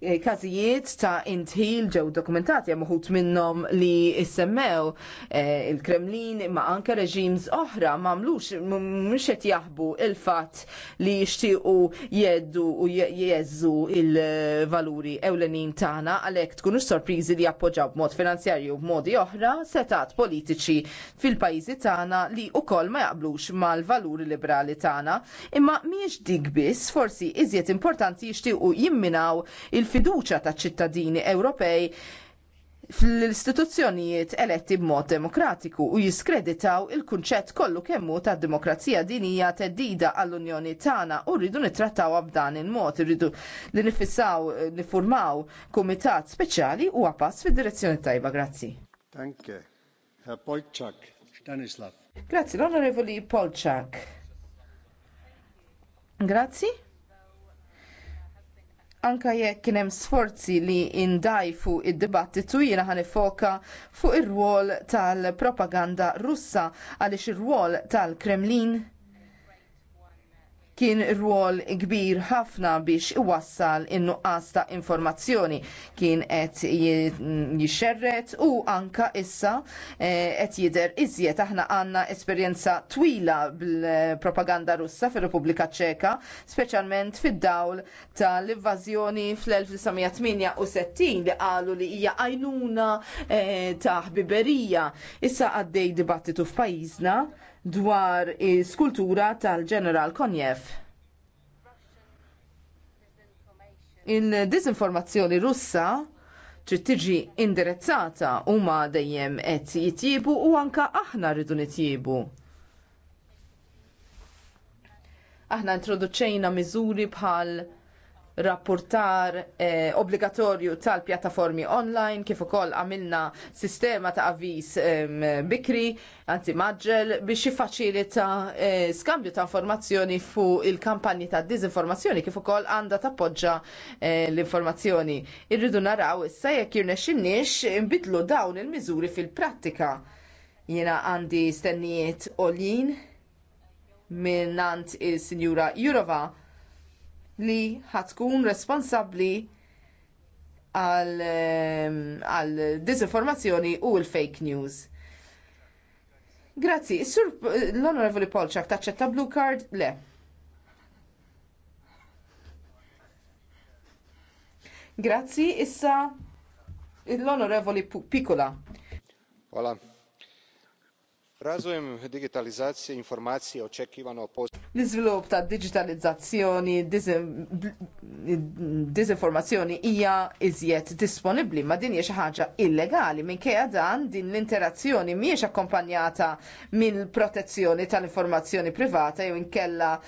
Eh, kazijiet ta' intħil ġew dokumentati hemm uħud minnhom li issemmew eh, il-Kremlin imma anke reġims oħra m'għamlux mhux qed jaħbu il-fatt li jixtiequ jeddu u jeżżu il-valuri ewlenin tagħna għalhekk tkunux sorpriżi li jappoġġaw b'mod finanzjarju b'modi oħra setat politiċi fil-pajjiżi tagħna li wkoll ma jaqblux mal-valuri liberali tagħna imma mhijiex dik biss forsi iżjed importanti jixtiequ jimminaw il il-fiduċja taċ ċittadini Ewropej fl-istituzzjonijiet eletti b'mod demokratiku u jiskreditaw il-kunċett kollu kemmu ta' demokrazija dinija teddida għall-Unjoni tagħna u rridu nittrattawha b'dan il-mod, rridu li nifissaw, nifurmaw kumitat speċjali u għapass fid-direzzjoni tajba, grazzi. Danke. Herr Polczak, Stanislav. Grazzi, l-Onorevoli Polczak. Grazzi anka jekk kien hemm sforzi li ndajfu d dibattitu jiena ħa nifoka fuq ir-rwol tal-propaganda Russa għaliex ir-rwol tal-Kremlin kien rwol kbir ħafna biex iwassal in-nuqqas ta' informazzjoni. Kien qed jixxerret u anka issa eh, qed jidher iżjed aħna għandna esperjenza twila bil-propaganda Russa fir-Repubblika Ċeka, speċjalment fid-dawl tal-invażjoni fl-1968 li qalu li hija għajnuna eh, ta' ħbiberija. Issa għaddej dibattitu f'pajjiżna dwar is-skultura tal-ġeneral Konjev. Il-dizinformazzjoni russa trid tiġi indirizzata huma dejjem qed jitjiebu u anka aħna rridu nitjiebu. Aħna introduċejna miżuri bħal rapportar eh, obbligatorju tal-pjattaformi online kif ukoll għamilna sistema ta' avviz eh, bikri anzi maġġel biex jiffaċilita eh, skambju ta' informazzjoni fuq il-kampanji ta' diżinformazzjoni kif ukoll għandha tappoġġa eh, l-informazzjoni. Irridu naraw issa jekk jirnexxinniex inbidlu dawn il-miżuri fil-prattika. Jiena għandi stennijiet olin minn il-Sinjura Jurova li ħatkun responsabbli għal ehm, disinformazzjoni u l-fake news. Grazzi, is-Sur l-Onorevoli Polċak taċċetta blue card? Le. Grazzi, issa l-Onorevoli Pikola. Hola. Razvojem digitalizacije informacije očekivano L-iżvilupp ta' digitalizzazzjoni, dizinformazzjoni hija iżjed disponibbli, ma din jiex ħaġa illegali minkejja dan din l-interazzjoni mhijiex akkompanjata minn protezzjoni tal-informazzjoni privata jew inkella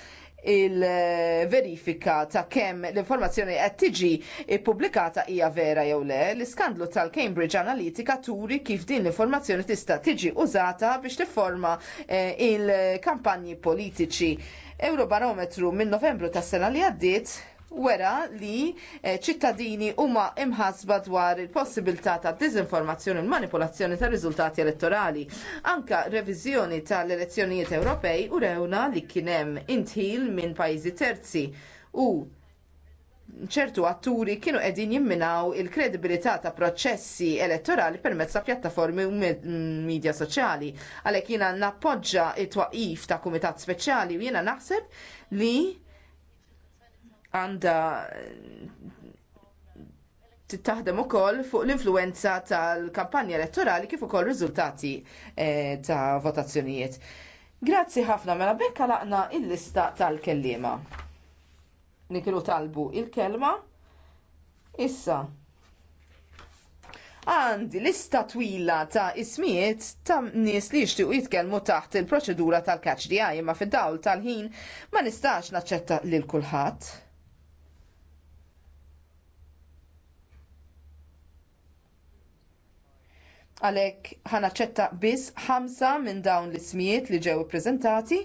il-verifika ta' kemm l-informazzjoni qed tiġi ppubblikata hija vera jew le. L-iskandlu tal-Cambridge Analytica turi kif din l-informazzjoni tista' tiġi użata biex tifforma eh, il-kampanji politiċi. Eurobarometru minn Novembru tas-sena li għaddiet wera li eh, ċittadini huma imħasba dwar il-possibilità ta' diżinformazzjoni u manipolazzjoni ta' riżultati elettorali. Anka reviżjoni tal-elezzjonijiet Ewropej u rewna li kien hemm intħil minn pajjiżi terzi u ċertu atturi kienu qegħdin jimminaw il-kredibilità ta' proċessi elettorali permezz ta' pjattaformi u mm, medja soċjali. Għalhekk jiena nappoġġa t twaqif ta' kumitat speċjali u jiena naħseb li għandha eh, taħdem ukoll fuq l-influenza tal-kampanja elettorali kif ukoll riżultati eh, ta' votazzjonijiet. Grazzi ħafna mela bekka laqna il-lista tal-kellima. Nikilu talbu il-kelma. Issa. Għandi lista twila ta' ismijiet ta' nies li jixtiequ jitkellmu taħt il-proċedura tal-catch di imma fid-dawl tal-ħin ma nistax naċċetta lil kulħadd. Għalhekk ħanaċċetta biss ħamsa minn dawn l-ismijiet li ġew ippreżentati.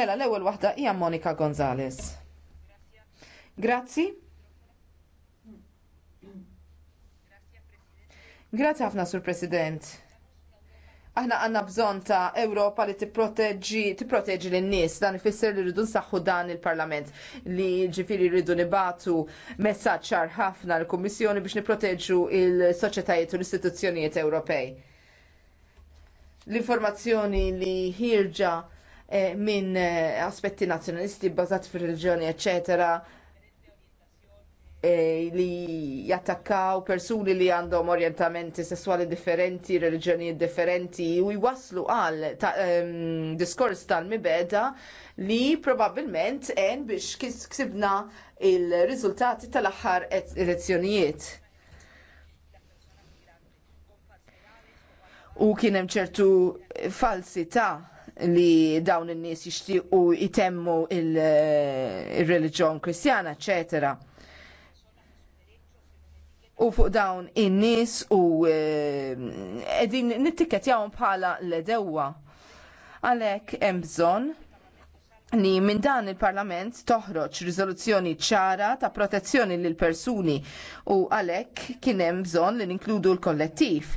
Mela l-ewwel waħda hija Monika Gonzalez. Grazzi. Grazzi ħafna, Sur President aħna għanna bżon ta' Ewropa li tipproteġġi tipproteġġi lin-nies dan ifisser li rridu nsaħħu dan il-Parlament li ġifieri rridu nibatu messaġġ ċar ħafna l-Kummissjoni biex nipproteġu il-soċjetajiet u l-istituzzjonijiet Ewropej. L-informazzjoni li ħirġa eh, minn eh, aspetti nazzjonalisti bbażat fir-reġjoni, eċċetera, E, li jattakkaw persuni li għandhom orientamenti sessuali differenti, reliġjonijiet differenti u jwaslu għal ta, um, diskors tal-mibeda li probabilment en biex ksibna il-riżultati tal-aħħar e-, elezzjonijiet. U kien hemm ċertu falsità li dawn in-nies jixtiequ jitemmu il-reliġjon kristjana, eċetera u fuq dawn in-nies u qegħdin eh, jawn bħala l-edewwa. Għalhekk hemm bżonn li minn dan il-Parlament toħroġ riżoluzzjoni ċara ta' protezzjoni lil persuni u għalhekk kien hemm bżonn li ninkludu l-kollettiv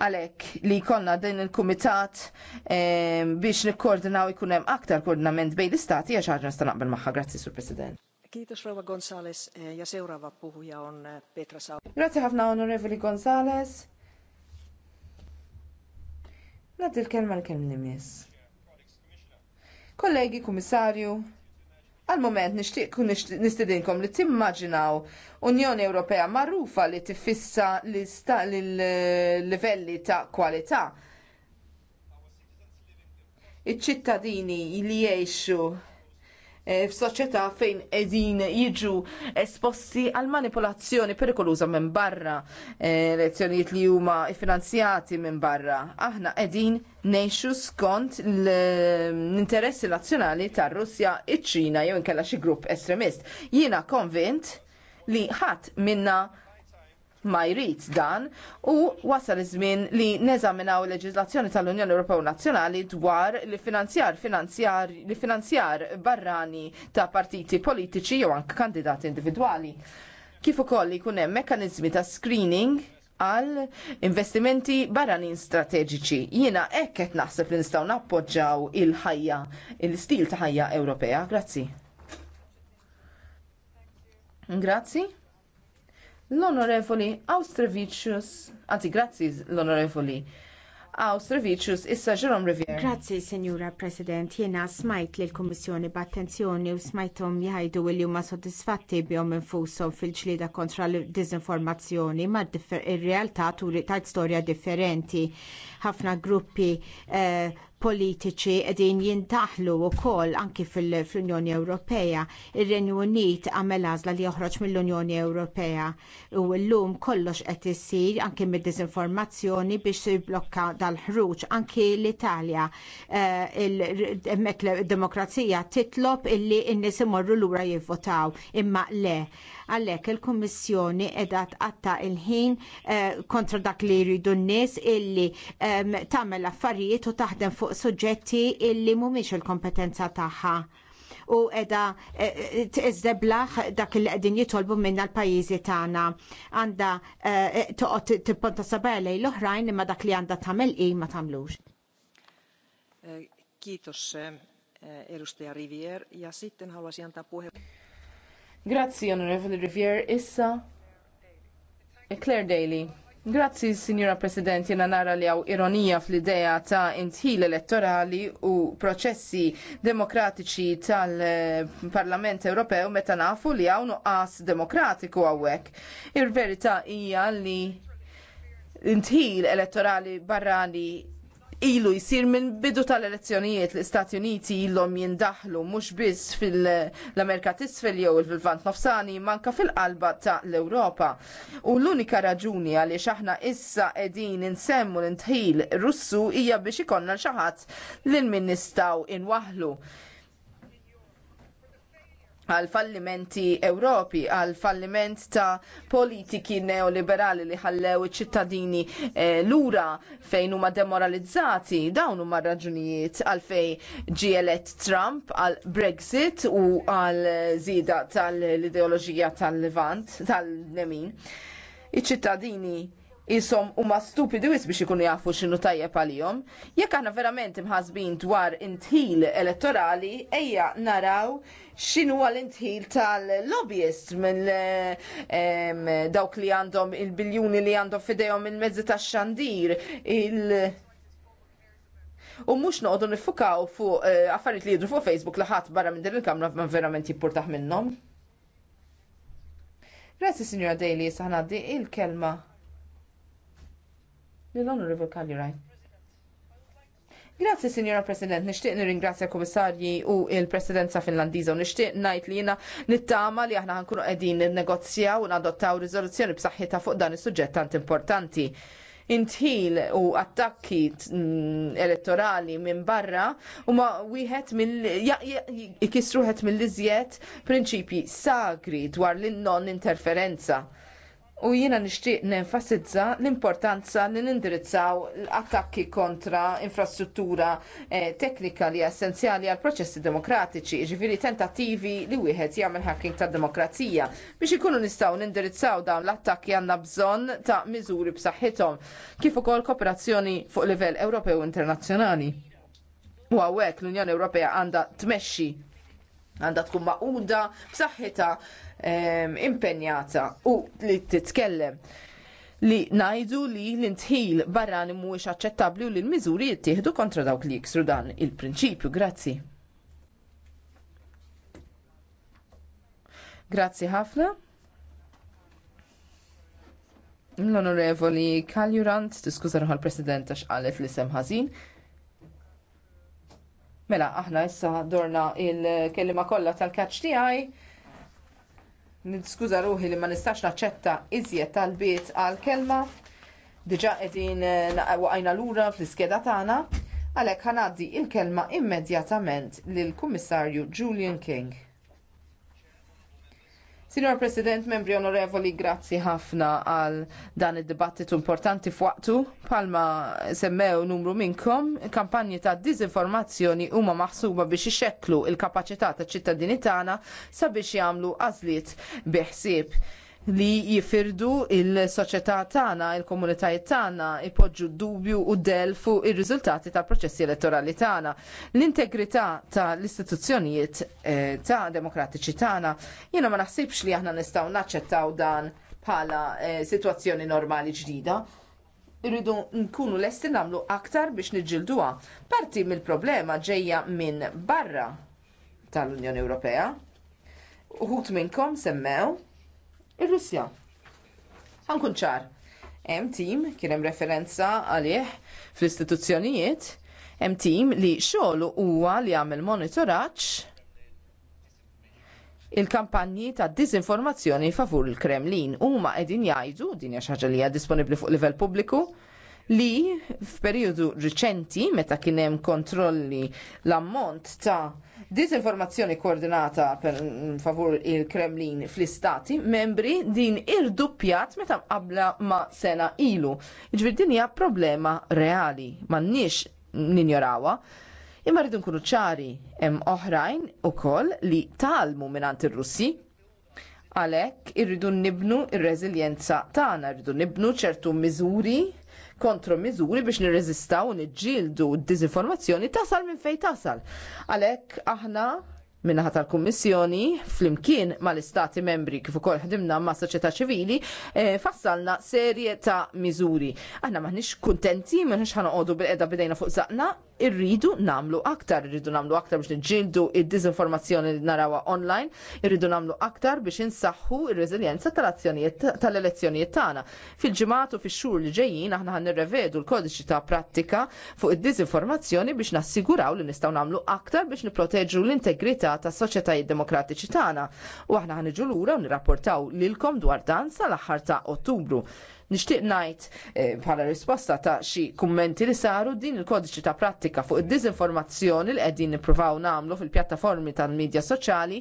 għalhekk li jkollna din il-kumitat eh, biex nikkoordinaw ikun hemm aktar koordinament bejn l-istati għax ħaġa nista' naqbel magħha. Grazzi, Sur President. Kiitos Rova Gonzales eh, ja seuraava puhuja on eh, Petra Sau. Grazie ħafna Onorevoli Gonzales. Nadi l-kelma l-kelm nimis. Kollegi, kummissarju, għal-moment nishtiq nistidinkom li timmaġinaw Unjoni Ewropea marrufa li tifissa l-livelli ta' kwalità. Iċ-ċittadini li jgħixu Eh, f'soċjetà fejn qegħdin jiġu esposti għal manipolazzjoni perikoluża minn barra, eh, elezzjonijiet li huma finanzjati minn barra. Aħna qegħdin ngħixu skont l-interessi nazzjonali tar-Russja, iċ-Ċina jew inkella xi grupp estremist. Jiena konvint li ħadd minna ma jrid dan u wasal iż-żmien li neżaminaw leġiżlazzjoni tal-Unjoni Ewropew Nazzjonali dwar li finanzjar finanzjar li finanzjar barrani ta' partiti politiċi jew anke kandidati individwali. Kif ukoll jkun hemm mekkaniżmi ta' screening għal investimenti barranin strateġiċi. Jiena hekk qed naħseb li nistgħu nappoġġjaw il-ħajja, il-stil ta' ħajja Ewropea. Grazzi. Grazzi. L-Onorevoli Austrovicius, anzi grazzi l-Onorevoli Austrovicius, issa ġerom Rivier. Grazzi, Senjura President, Jiena smajt li l-Kommissjoni b'attenzjoni u smajtom jgħidu li huma soddisfatti bihom infushom fil ġlieda kontra l-dizinformazzjoni, ma' differ ir-realtà turi tajt storja differenti. Ħafna gruppi eh, politiċi qegħdin jindaħlu wkoll anki fil-Unjoni Ewropea. Ir-Renju Unit għamel għażla li joħroġ mill-Unjoni Ewropea u llum kollox qed isir anki mid-diżinformazzjoni biex jiblokka dal-ħruġ anki l-Italja eh, il demokrazija titlob illi n-nies imorru lura jivvotaw imma le Għalhekk il-Kummissjoni qiegħda tqatta' il-ħin eh, kontra dak li jridu n-nies illi ehm, tagħmel affarijiet u taħdem fuq suġġetti illi mhumiex il-kompetenza tagħha u edha eh, t-izdeblaħ dak il qegħdin jitolbu minna l pajjiżi tagħna. Għanda eh, toqgħod tipponta sabar lej l-oħrajn imma dak li għandha tagħmel i ma tagħmlux. Kitos edustaja Rivier ja sitten haluaisin antaa puheenvuoron. Grazzi, Onorevoli Rivier, issa Claire Daly. Grazzi, Signora President, jena nara li għaw ironija fl-ideja ta' intħil elettorali u processi demokratiċi tal-Parlament Ewropew meta nafu li għaw nuqqas demokratiku għawek. Ir-verita hija li intħil elettorali barrani ilu jisir minn bidu tal-elezzjonijiet l-Istati Uniti ilhom jindaħlu mhux biss fil-Amerika tisfel jew fil-Vant Nofsani manka fil-qalba ta' l-Ewropa. U l-unika raġuni għaliex aħna issa qegħdin insemmu l-intħil Russu hija biex ikollna xi ħadd lil min nistgħu inwaħlu għal fallimenti Ewropi, għal falliment ta' politiki neoliberali li ħallew iċ-ċittadini eh, lura fejn huma demoralizzati, dawn huma raġunijiet għal fej ġielet Trump għal Brexit u għal zida tal-ideoloġija tal-Levant, tal-Nemin. Iċ-ċittadini isom huma stupidi wis biex ikunu jafu x'inhu tajjeb għalihom. Jekk aħna verament imħasbin dwar intħil elettorali, ejja naraw x'inhu għal intħil tal-lobbyist mill dawk li għandhom il-biljuni li għandhom fidejhom il-mezzi tax-xandir, il- U mux noqdu nifukaw fuq eh, affarijiet li jidru fuq Facebook li ħadd barra minn din il-kamra ma verament jippurtaħ minnhom. Grazie, Signora Daly, saħna di il-kelma Lill-Onorevol Kalliraj. Grazzi, Signora President, nishtiq nirringrazja komissarji u il-Presidenza Finlandiża u nishtiq najt li jina nittama li aħna ħankunu qegħdin negozja u nadottaw riżoluzzjoni b'saħħitha fuq dan is-suġġett tant importanti. Intħil u attakki mm, elettorali minn barra u ma wieħed mill-ikisruħet mill-iżjed prinċipji sagri dwar l-non interferenza u jiena nixtieq nenfasizza l-importanza li nindirizzaw l attakki kontra infrastruttura eh, teknika li essenzjali għal proċessi demokratiċi, ġifiri tentattivi li wieħed jagħmel hacking tad demokrazija. Biex ikunu nistgħu nindirizzaw dawn l-attakki għandna bżonn ta' miżuri b'saħħithom, kif ukoll kooperazzjoni fuq livell Ewropew internazzjonali. U għawek l-Unjoni Ewropea għandha tmexxi għandha tkun maquda b'saħħitha impenjata u li titkellem li ngħidu li l-intħil barrani mhuwiex aċċettabbli u li l-miżuri jittieħdu kontra dawk li jiksru dan il-prinċipju. Grazzi. Grazzi ħafna. L-Onorevoli Kaljurant, tiskuża ruħal President għax qalet li sem ħażin, Mela, aħna issa dorna il-kellima kollha tal-kaċ tiegħi. Niskuża ruħi li ma nistax naċċetta iżjed tal-bit għal-kelma. Diġa qegħdin eh, waqajna lura fl-iskeda tagħna, għalhekk ħanaddi il-kelma immedjatament lill-Kummissarju Julian King. Signor President, membri onorevoli, grazzi ħafna għal dan id-dibattitu importanti f'waqtu. Palma semmew numru minnkom, kampanji ta' dizinformazzjoni huma maħsuba biex ixekklu il-kapacità ta' ċittadini tagħna sabiex jagħmlu għażliet biħsieb li jifirdu il-soċjetà tagħna, il-komunitajiet tagħna ipoġġu dubju u del fuq ir-riżultati tal-proċessi elettorali tagħna. L-integrità tal-istituzzjonijiet eh, ta' demokratiċi tagħna jiena ma naħsibx li aħna nistgħu naċċettaw dan bħala eh, situazzjoni sitwazzjoni normali ġdida irridu nkunu lesti namlu aktar biex niġilduha. Parti mill-problema ġejja minn barra tal-Unjoni Ewropea. Uħut minnkom semmew ir-Russja. Għankun ċar. Hemm tim kien hemm referenza għalih fl-istituzzjonijiet, hemm tim li xogħlu huwa li għamel monitoraġġ il-kampanji ta' dizinformazzjoni favur il-Kremlin huma qegħdin jgħidu din hija xi ħaġa li hija disponibbli fuq livell pubbliku li f'perjodu riċenti meta kien hemm kontrolli l-ammont ta' disinformazzjoni koordinata per mm, favur il-Kremlin fl-istati membri din irduppjat meta mqabbla ma' sena ilu. Ġbir din hija problema reali, m'għandniex ninjorawha. Imma rridu nkunu ċari hemm oħrajn ukoll li talmu mingħand ir-Russi għalhekk irridu nibnu r-reżiljenza tagħna, rridu nibnu ċertu miżuri kontro miżuri biex nirreżistaw u niġġieldu d dizinformazzjoni tasal minn fejn tasal. Għalhekk aħna minnaħat tal-Kummissjoni flimkien mal-Istati membri kif ukoll ħdimna ma' soċjetà ċivili e, fassalna serje ta' miżuri. Aħna maħniex kuntenti, maħniex ħanoqogħdu bil-qeda bidejna fuq saqna, irridu namlu aktar, irridu namlu aktar biex nġildu id-dizinformazzjoni li narawa online, irridu namlu aktar biex insaħħu ir-reżiljenza tal-elezzjonijiet tagħna. Fil-ġimgħatu fix-xhur li ġejjin aħna ħan nirrevedu l-kodiċi ta' prattika fuq id-dizinformazzjoni biex nassiguraw li nistgħu namlu aktar biex nipproteġu l-integrità tas-soċjetajiet demokratiċi tagħna. U aħna ħan lura u nirrapportaw lilkom dwar dan sal-aħħar ta' Ottubru. Nixtieq ngħid eh, bħala risposta ta' xi kummenti li saru din il-kodiċi ta' prattika fuq id-diżinformazzjoni li qegħdin nippruvaw nagħmlu fil-pjattaformi tal-medja soċjali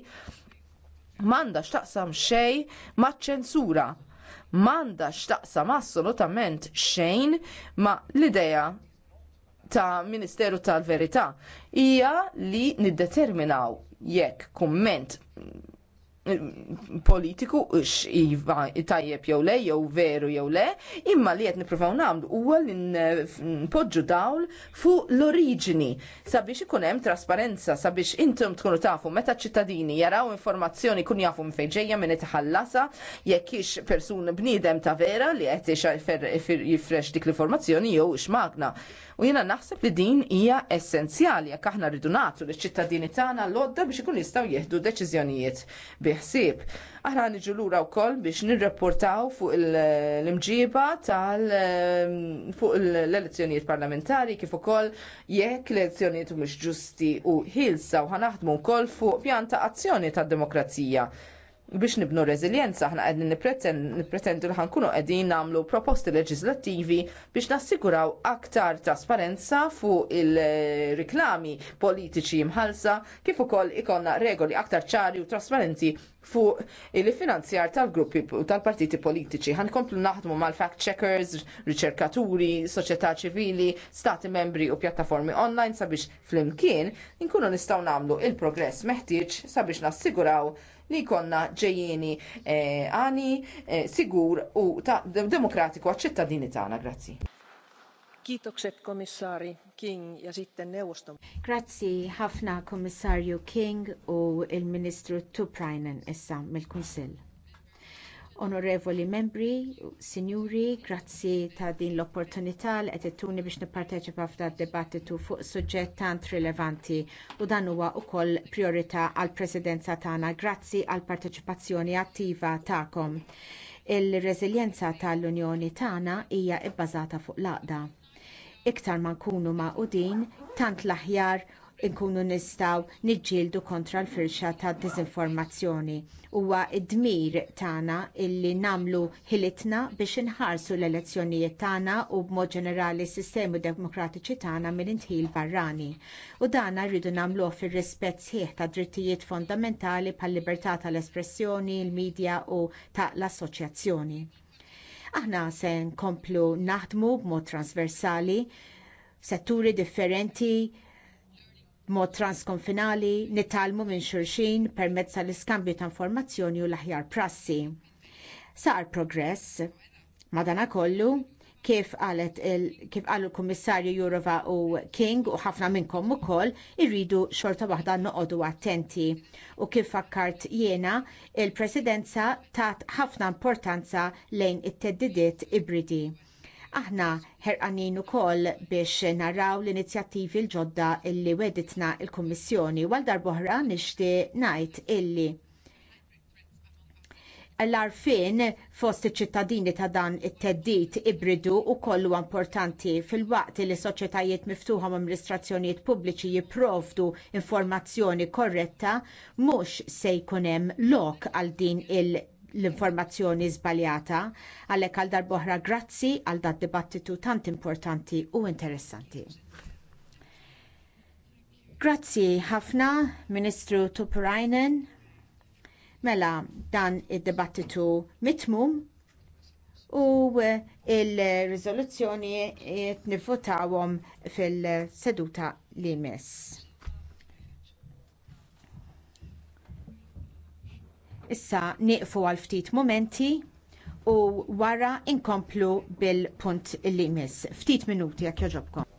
m'għandha x'taqsam xejn maċ-ċensura m'għandha x'taqsam assolutament xejn ma l-idea ta' Ministeru tal-Verità hija li niddeterminaw jekk kumment politiku ux iva tajjeb jew le, jew veru jew le, imma li qed nippruvaw nagħmlu huwa li npoġġu dawl fuq l-oriġini sabiex ikun hemm trasparenza sabiex intom tkunu tafu meta ċittadini jaraw informazzjoni kun jafu minn fejn ġejja minn itħallasa jekk ix persun bniedem ta' vera li qed jifrex dik l-informazzjoni jew ix magna. U jiena naħseb li din hija essenzjali jekk aħna rridu nagħtu liċ-ċittadini tagħna l-odda biex ikun jistgħu jieħdu deċiżjonijiet bih ħsieb. Aħna niġu lura wkoll biex nirrapportaw fuq l-imġiba tal fuq l-elezzjonijiet parlamentari kif ukoll jekk l-elezzjonijiet mhux ġusti u ħilsa u ħanaħdmu wkoll fuq pjan ta' azzjoni tad-demokrazija biex nibnu reżiljenza aħna qegħdin nippretendu li ħankunu qegħdin nagħmlu proposti leġislattivi biex nassiguraw aktar trasparenza fuq il-riklami politiċi mħalsa kif ukoll ikollna regoli aktar ċari u trasparenti fuq il-finanzjar tal-gruppi tal-partiti politiċi. Ħankomplu naħdmu mal-fact checkers, riċerkaturi, soċjetà ċivili, stati membri u pjattaformi online sabiex flimkien inkunu nistgħu nagħmlu il-progress meħtieġ sabiex nassiguraw li konna ġejjeni eh, għani, eh, sigur u ta' demokratiku għaċ-ċittadini tagħna. Grazzi. Kitokset komissari King ja sitten Grazzi ħafna komissarju King u il-Ministru Tuprainen issa mill-Kunsill. Onorevoli membri, sinjuri, grazzi ta' din l-opportunità li qed ittuni biex nipparteċipa f'dan dibattitu fuq suġġett tant rilevanti u dan huwa wkoll priorità għall presidenza tagħna grazzi għall parteċipazzjoni attiva tagħkom. Il-reżiljenza tal-Unjoni tagħna hija bbażata fuq l-għaqda. Iktar ma nkunu ma' tant l-aħjar Inkunu nistaw niġġieldu kontra l-firxa ta' diżinformazzjoni. Huwa d-dmir tagħna illi namlu ħilitna biex inħarsu l-elezzjonijiet tagħna u b'mod ġenerali s-sistemi demokratiċi tagħna minn intħil barrani. U dan rridu nagħmluh fir-rispett sħiħ ta' drittijiet fondamentali pal libertà tal-espressjoni, il-medja u ta' l-assoċjazzjoni. Aħna se nkomplu naħdmu b'mod transversali, setturi differenti, mod transkonfinali nitalmu minn xulxin permezz tal-iskambju ta' informazzjoni u l-aħjar prassi. Sar progress. Madanakollu, kif qalet kif qalu kummissarju Jurova u King u ħafna minnkom ukoll irridu xorta waħda noqogħdu attenti. U kif fakkart jiena, il-Presidenza tat ħafna importanza lejn it-teddidiet ibridi. Aħna ħerqanin ukoll biex naraw l-inizjattivi l-ġodda illi weditna l il kummissjoni għal darboħra nixtieq ngħid illi l-arfin fost iċ-ċittadini ta' dan it-teddit ibridu u kollu importanti fil-waqt li soċjetajiet miftuħa ma' amministrazzjonijiet pubbliċi jipprovdu informazzjoni korretta mhux se jkun hemm lok għal din il- l-informazzjoni żbaljata għalhekk għal darboħra grazzi għal dat dibattitu tant importanti u interessanti. Grazzi ħafna, Ministru Tupurainen. Mela dan id-dibattitu mitmum u eh, il-rizoluzzjoni eh, nivvotawhom fil-seduta li jmiss. Issa nieqfu għal ftit momenti u wara inkomplu bil-punt li jmiss. Ftit minuti jekk jogħġobkom.